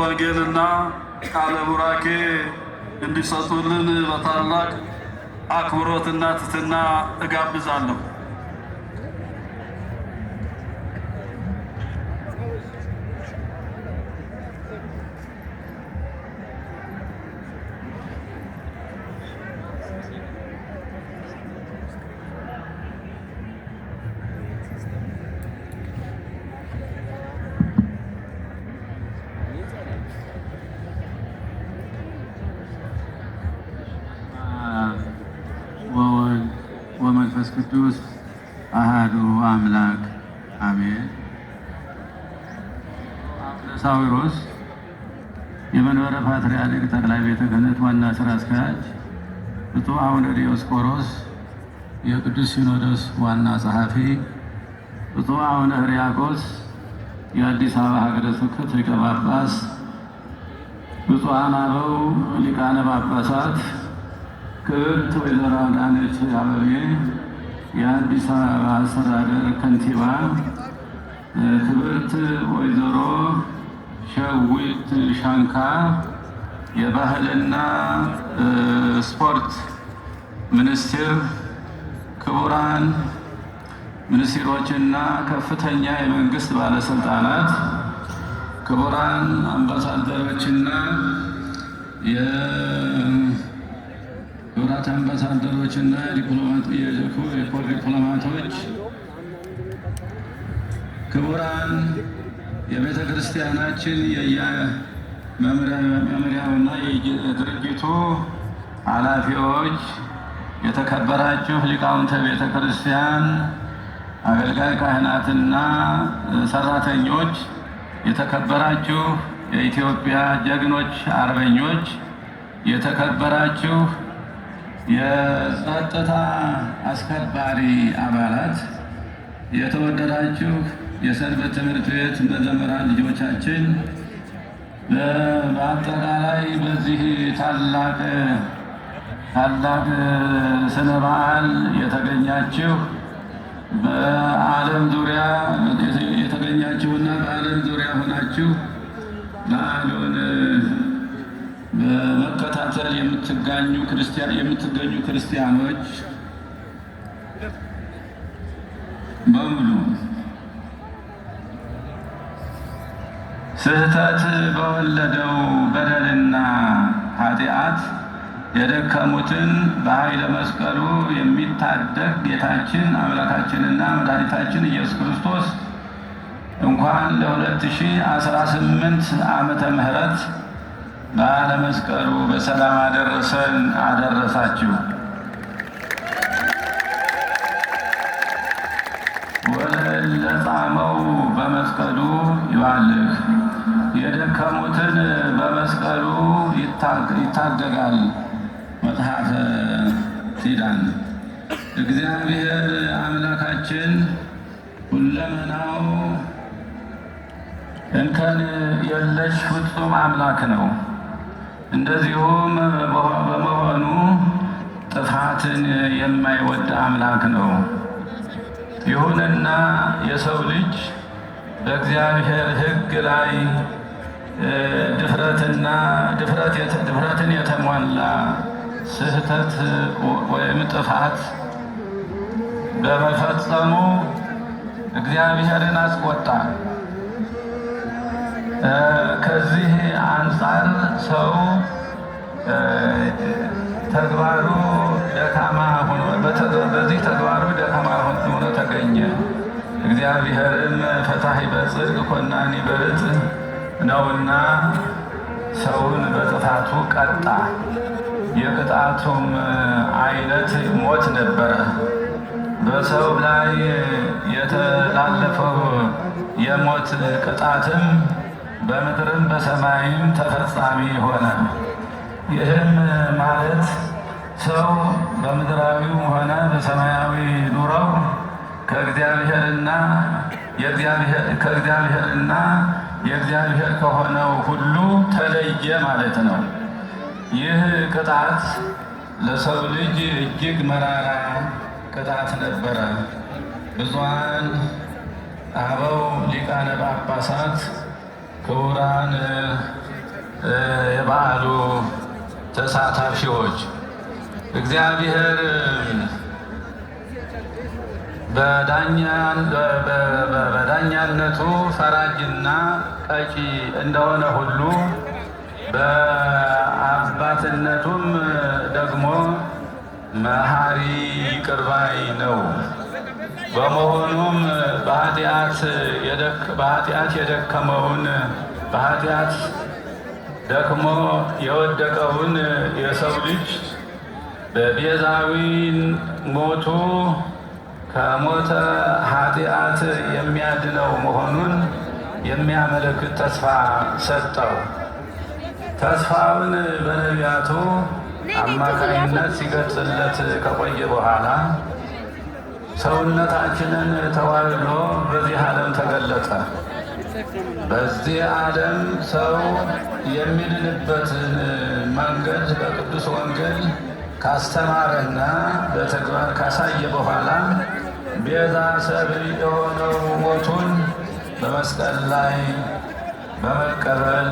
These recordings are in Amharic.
ወንጌልና ቃለ ቡራኬ እንዲሰጡልን በታላቅ አክብሮትና ትሕትና እጋብዛለሁ። መንፈስ ቅዱስ አሃዱ አምላክ አሜን። ሳዊሮስ የመንበረ ፓትርያርክ ጠቅላይ ቤተ ክህነት ዋና ስራ አስኪያጅ፣ ብፁዕ አቡነ ዲዮስቆሮስ የቅዱስ ሲኖዶስ ዋና ጸሐፊ፣ ብፁዕ አቡነ ሕርያቆስ የአዲስ አበባ ሀገረ ስብከት ሊቀ ጳጳስ፣ ብፁዓን አበው ሊቃነ ጳጳሳት፣ ክብርት ወይዘሮ አዳነች አበቤ የአዲስ አበባ አስተዳደር ከንቲባ ክብርት ወይዘሮ ሸዊት ሻንካ፣ የባህልና ስፖርት ሚኒስቴር፣ ክቡራን ሚኒስትሮችና ከፍተኛ የመንግስት ባለስልጣናት፣ ክቡራን አምባሳደሮችና የወራት አምባሳደሮች እና የኮር ዲፕሎማቶች፣ ክቡራን የቤተ ክርስቲያናችን የየመምሪያውና የድርጅቱ ኃላፊዎች፣ የተከበራችሁ ሊቃውንተ ቤተ ክርስቲያን፣ አገልጋይ ካህናትና ሰራተኞች፣ የተከበራችሁ የኢትዮጵያ ጀግኖች አርበኞች፣ የተከበራችሁ የጸጥታ አስከባሪ አባላት፣ የተወደዳችሁ የሰንበት ትምህርት ቤት መዘምራን ልጆቻችን፣ በአጠቃላይ በዚህ ታላቅ ታላቅ ስነ በዓል የተገኛችሁ በዓለም ዙሪያ የተገኛችሁና በዓለም ዙሪያ ሆናችሁ በዓሉን በመከታተል የምትጋኙ የምትገኙ ክርስቲያኖች በሙሉ ስህተት በወለደው በደልና ኃጢአት የደከሙትን በኃይለ መስቀሉ የሚታደግ ጌታችን አምላካችንና መድኃኒታችን ኢየሱስ ክርስቶስ እንኳን ለ2018 ዓመተ ምህረት በዓለ መስቀሉ በሰላም አደረሰን አደረሳችሁ። ወለጻመው በመስቀሉ ይዋልህ የደከሙትን በመስቀሉ ይታደጋል። መጽሐፈ ሲዳን እግዚአብሔር አምላካችን ሁለመናው እንከን የለሽ ፍጹም አምላክ ነው። እንደዚሁም በመሆኑ ጥፋትን የማይወድ አምላክ ነው። ይሁንና የሰው ልጅ በእግዚአብሔር ሕግ ላይ ድፍረትና ድፍረትን የተሟላ ስህተት ወይም ጥፋት በመፈጸሙ እግዚአብሔርን አስቆጣ። ከዚህ አንጻር ሰው ተግባሩ ደካማ ሆኖ በዚህ ተግባሩ ደካማ ሆኖ ተገኘ። እግዚአብሔርም ፈታሒ በጽድቅ ኮናኒ በርጥ ነውና ሰውን በጥፋቱ ቀጣ። የቅጣቱም አይነት ሞት ነበረ። በሰው ላይ የተላለፈው የሞት ቅጣትም በምድርም በሰማይም ተፈጻሚ ሆነ። ይህም ማለት ሰው በምድራዊውም ሆነ በሰማያዊ ኑሮው ከእግዚአብሔርና ከእግዚአብሔርና የእግዚአብሔር ከሆነው ሁሉ ተለየ ማለት ነው። ይህ ቅጣት ለሰው ልጅ እጅግ መራራ ቅጣት ነበረ። ብዙሃን አበው ሊቃነ ጳጳሳት ክቡራን የበዓሉ ተሳታፊዎች እግዚአብሔር በዳኛነቱ ፈራጅና ቀጪ እንደሆነ ሁሉ በአባትነቱም ደግሞ መሐሪ ይቅር ነው። በመሆኑም በኃጢአት የደከመውን በኃጢአት ደክሞ የወደቀውን የሰው ልጅ በቤዛዊ ሞቱ ከሞተ ኃጢአት የሚያድነው መሆኑን የሚያመለክት ተስፋ ሰጠው። ተስፋውን በነቢያቱ አማካኝነት ሲገልጽለት ከቆየ በኋላ ሰውነታችንን ተዋልዶ በዚህ ዓለም ተገለጠ። በዚህ ዓለም ሰው የሚድንበትን መንገድ በቅዱስ ወንጌል ካስተማረና በተግባር ካሳየ በኋላ ቤዛ ሰብእ የሆነው ሞቱን በመስቀል ላይ በመቀበል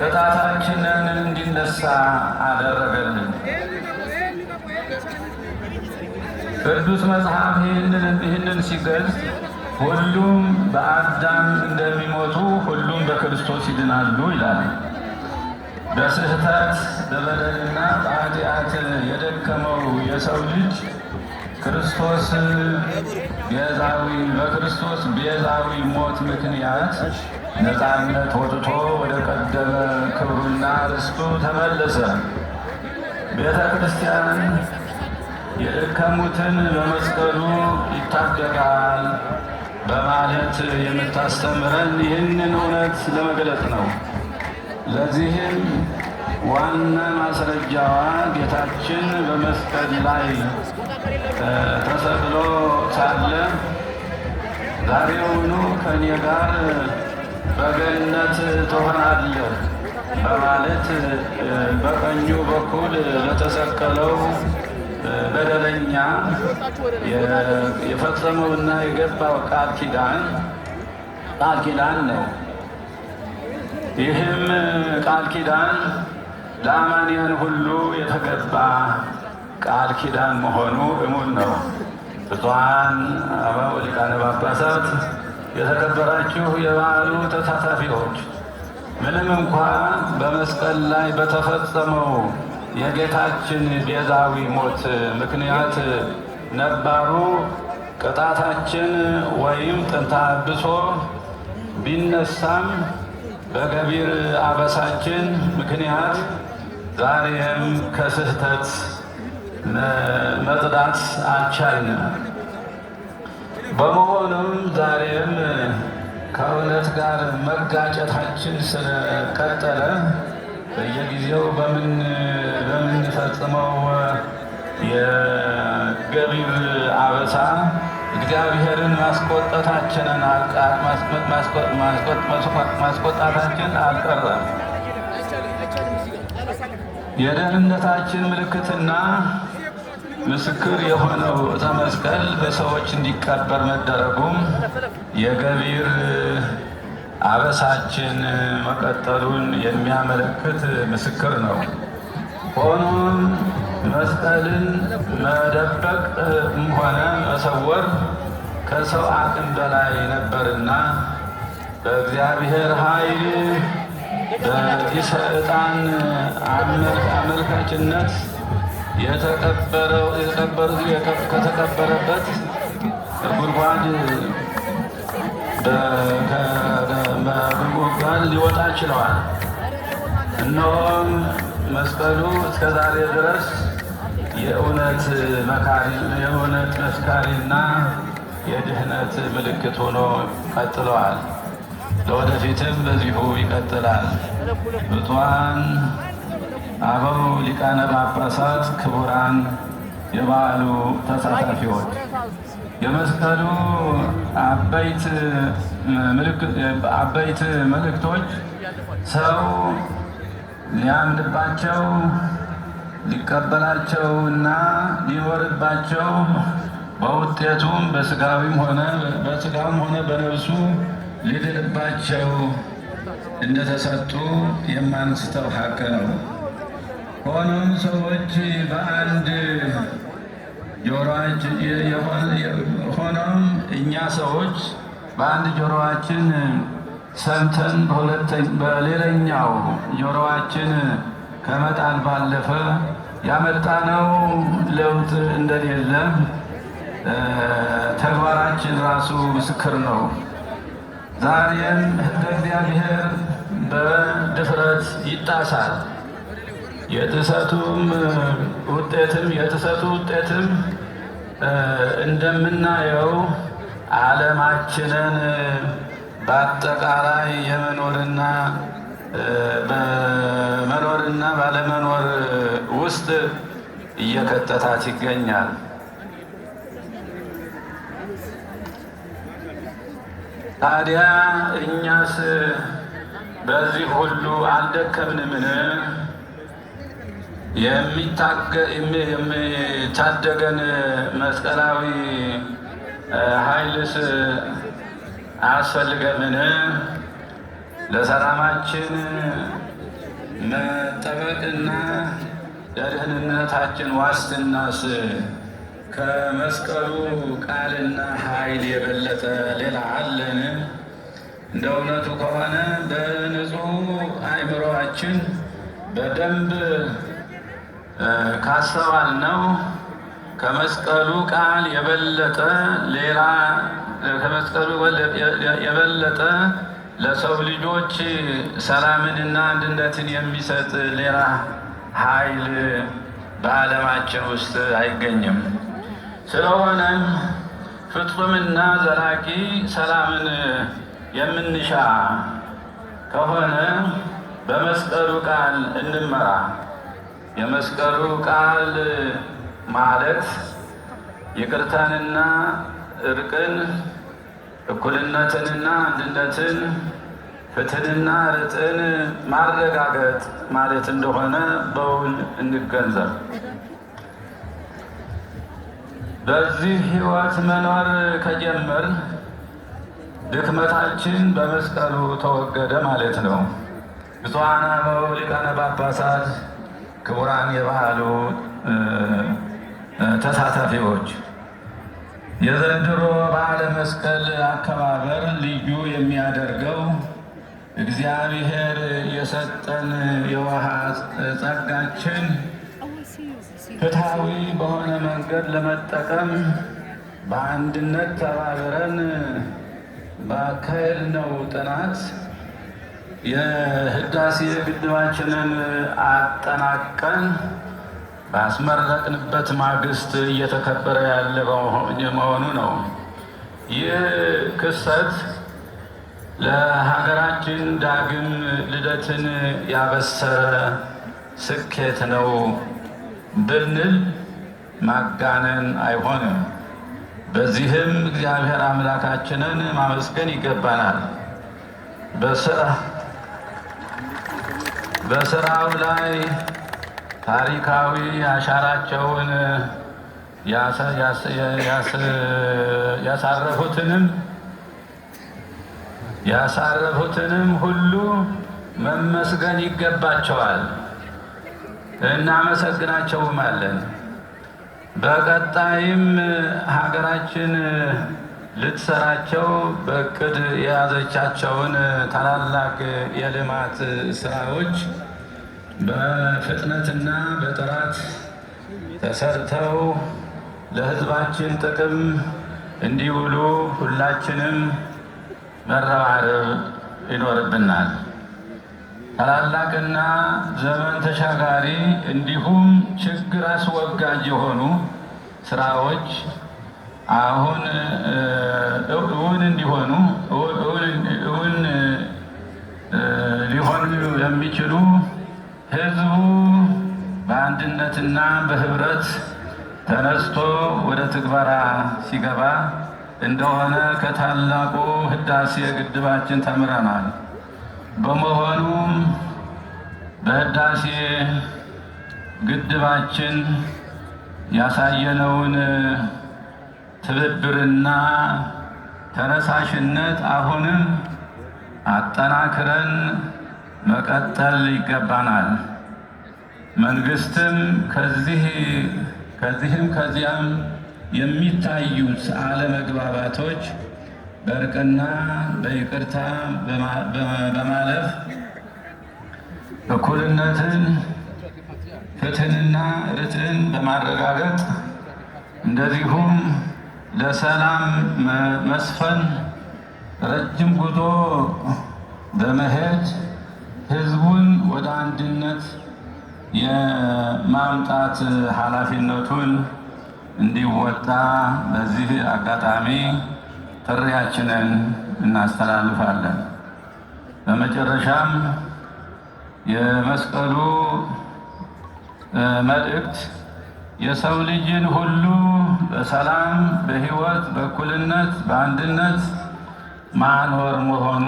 ቅጣታችንን እንዲነሳ አደረገልን። ቅዱስ መጽሐፍ ይህንን ሲገልጽ ሁሉም በአዳም እንደሚሞቱ ሁሉም በክርስቶስ ይድናሉ ይላል። በስህተት በበደልና በኃጢአት የደከመው የሰው ልጅ ክርስቶስ ቤዛዊ በክርስቶስ ቤዛዊ ሞት ምክንያት ነፃነት ወጥቶ ወደ ቀደመ ክብሩና ርስቱ ተመለሰ። ቤተ ክርስቲያን የደከሙትን በመስቀሉ ይታደጋል በማለት የምታስተምረን ይህንን እውነት ለመግለጽ ነው። ለዚህም ዋና ማስረጃዋ ጌታችን በመስቀል ላይ ተሰቅሎ ሳለ ዛሬውኑ ከእኔ ጋር በገነት ትሆናለህ በማለት በቀኙ በኩል ለተሰቀለው በደለኛ የፈጸመውና የገባው ቃል ኪዳን ቃል ኪዳን ነው። ይህም ቃል ኪዳን ለአማንያን ሁሉ የተገባ ቃል ኪዳን መሆኑ እሙን ነው። ብፁዓን አበው ሊቃነ ጳጳሳት፣ የተከበራችሁ የበዓሉ ተሳታፊዎች ምንም እንኳ በመስቀል ላይ በተፈጸመው የጌታችን ቤዛዊ ሞት ምክንያት ነባሩ ቅጣታችን ወይም ጥንታ አብሶ ቢነሳም በገቢር አበሳችን ምክንያት ዛሬም ከስህተት መጽዳት አልቻልንም። በመሆኑም ዛሬም ከእውነት ጋር መጋጨታችን ስለቀጠለ በየጊዜው በምን የሚፈጽመው የገቢር አበሳ እግዚአብሔርን ማስቆጣታችንን ማስቆጣታችን አልቀረም። የደህንነታችን ምልክትና ምስክር የሆነው ዕፀ መስቀል በሰዎች እንዲቀበር መደረጉም የገቢር አበሳችን መቀጠሉን የሚያመለክት ምስክር ነው። ሆኖም መስቀልን መደበቅ ሆነ መሰወር ከሰው አቅም በላይ ነበርና በእግዚአብሔር ኃይል በሰይጣን አመልካችነት ከተቀበረበት ጉድጓድ በጉድጓድ ሊወጣ ችለዋል። እነሆም መስቀሉ እስከ ዛሬ ድረስ የእውነት መካሪ የእውነት መስካሪና የድህነት ምልክት ሆኖ ቀጥለዋል። ለወደፊትም በዚሁ ይቀጥላል። ብፁዓን አበው ሊቃነ ጳጳሳት፣ ክቡራን የበዓሉ ተሳታፊዎች የመስቀሉ አበይት መልእክቶች ሰው ሊያምድባቸው ሊቀበላቸውና ሊኖርባቸው በውጤቱም በስጋዊም ሆነ በስጋም ሆነ በነብሱ ሊድርባቸው እንደተሰጡ የማንስተው ሀቅ ነው። ሆኖም ሰዎች በአንድ ጆሮች ሆኖም እኛ ሰዎች በአንድ ጆሮችን ሰምተን በሌላኛው ጆሮዋችን ከመጣል ባለፈ ያመጣነው ለውጥ እንደሌለ ተግባራችን ራሱ ምስክር ነው። ዛሬም ሕገ እግዚአብሔር በድፍረት ይጣሳል። የጥሰቱም ውጤትም የጥሰቱ ውጤትም እንደምናየው ዓለማችንን በአጠቃላይ የመኖርና በመኖርና ባለመኖር ውስጥ እየከተታት ይገኛል። ታዲያ እኛስ በዚህ ሁሉ አልደከምንምን? የሚታደገን መስቀላዊ ኃይልስ አያስፈልገምን? ለሰላማችን መጠበቅና ለደህንነታችን ዋስትናስ ከመስቀሉ ቃልና ኃይል የበለጠ ሌላ አለን? እንደ እውነቱ ከሆነ በንጹህ አይምሮአችን በደንብ ካሰባል ነው ከመስቀሉ ቃል የበለጠ ሌላ ከመስቀሉ የበለጠ ለሰው ልጆች ሰላምንና አንድነትን የሚሰጥ ሌላ ኃይል በዓለማችን ውስጥ አይገኝም። ስለሆነም ፍጹምና ዘላቂ ሰላምን የምንሻ ከሆነ በመስቀሉ ቃል እንመራ። የመስቀሉ ቃል ማለት ይቅርታንና እርቅን እኩልነትንና አንድነትን ፍትህንና ርጥን ማረጋገጥ ማለት እንደሆነ በውል እንገንዘብ። በዚህ ህይወት መኖር ከጀመር ድክመታችን በመስቀሉ ተወገደ ማለት ነው። ብፁዓን አበው ሊቃነ ጳጳሳት፣ ክቡራን የባህሉ ተሳታፊዎች የዘንድሮ በዓለ መስቀል አከባበር ልዩ የሚያደርገው እግዚአብሔር የሰጠን የውሃ ጸጋችን ፍትሐዊ በሆነ መንገድ ለመጠቀም በአንድነት ተባብረን ባካሄድነው ጥናት የህዳሴ ግድባችንን አጠናቀን ባስመረቅንበት ማግስት እየተከበረ ያለ መሆኑ ነው። ይህ ክስተት ለሀገራችን ዳግም ልደትን ያበሰረ ስኬት ነው ብንል ማጋነን አይሆንም። በዚህም እግዚአብሔር አምላካችንን ማመስገን ይገባናል። በስራው ላይ ታሪካዊ አሻራቸውን ያሳረፉትንም ያሳረፉትንም ሁሉ መመስገን ይገባቸዋል። እናመሰግናቸውም አለን። በቀጣይም ሀገራችን ልትሰራቸው በእቅድ የያዘቻቸውን ታላላቅ የልማት ስራዎች በፍጥነትና በጥራት ተሰርተው ለሕዝባችን ጥቅም እንዲውሉ ሁላችንም መረባረብ ይኖርብናል። ታላላቅና ዘመን ተሻጋሪ እንዲሁም ችግር አስወጋጅ የሆኑ ስራዎች አሁን እውን እንዲሆኑ እውን ሊሆኑ የሚችሉ ህዝቡ በአንድነትና በህብረት ተነስቶ ወደ ትግበራ ሲገባ እንደሆነ ከታላቁ ህዳሴ ግድባችን ተምረናል። በመሆኑም በህዳሴ ግድባችን ያሳየነውን ትብብርና ተነሳሽነት አሁንም አጠናክረን መቀጠል ይገባናል። መንግስትም ከዚህም ከዚያም የሚታዩት አለመግባባቶች በእርቅና በይቅርታ በማለፍ እኩልነትን፣ ፍትህንና ርትዕን በማረጋገጥ እንደዚሁም ለሰላም መስፈን ረጅም ጉዞ በመሄድ የማምጣት ኃላፊነቱን እንዲወጣ በዚህ አጋጣሚ ጥሪያችንን እናስተላልፋለን። በመጨረሻም የመስቀሉ መልእክት የሰው ልጅን ሁሉ በሰላም በሕይወት በእኩልነት በአንድነት ማኖር መሆኑ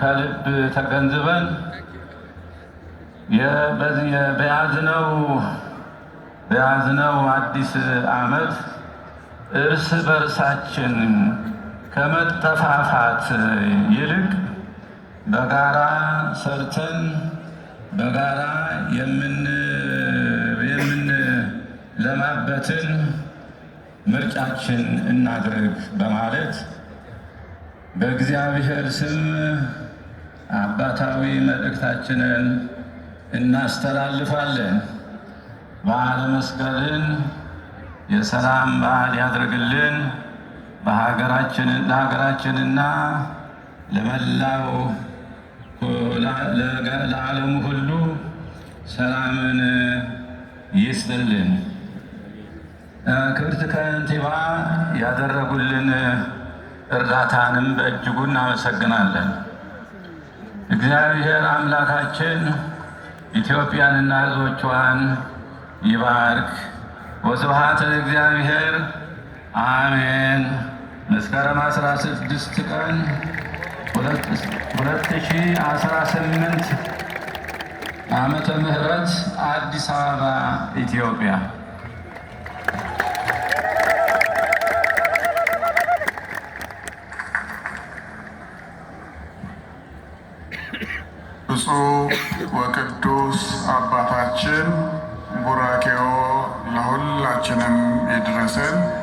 ከልብ ተገንዝበን በያዝነው በያዝነው አዲስ ዓመት እርስ በርሳችን ከመጠፋፋት ይልቅ በጋራ ሰርተን በጋራ የምንለማበትን ምርጫችን እናድርግ በማለት በእግዚአብሔር ስም አባታዊ መልእክታችንን እናስተላልፋለን። በዓለ መስቀልን የሰላም በዓል ያድርግልን። ለሀገራችንና ለመላው ለዓለሙ ሁሉ ሰላምን ይስጥልን። ክብርት ከንቲባ ያደረጉልን እርዳታንም በእጅጉ እናመሰግናለን። እግዚአብሔር አምላካችን ኢትዮጵያንና ሕዝቦቿን ይባርክ። ወስብሐት ለእግዚአብሔር አሜን። መስከረም 16 ቀን 2018 ዓመተ ምህረት አዲስ አበባ ኢትዮጵያ ብፁዕ ወቅዱስ አባታችን ቡራኬዎ ለሁላችንም ይድረሰን።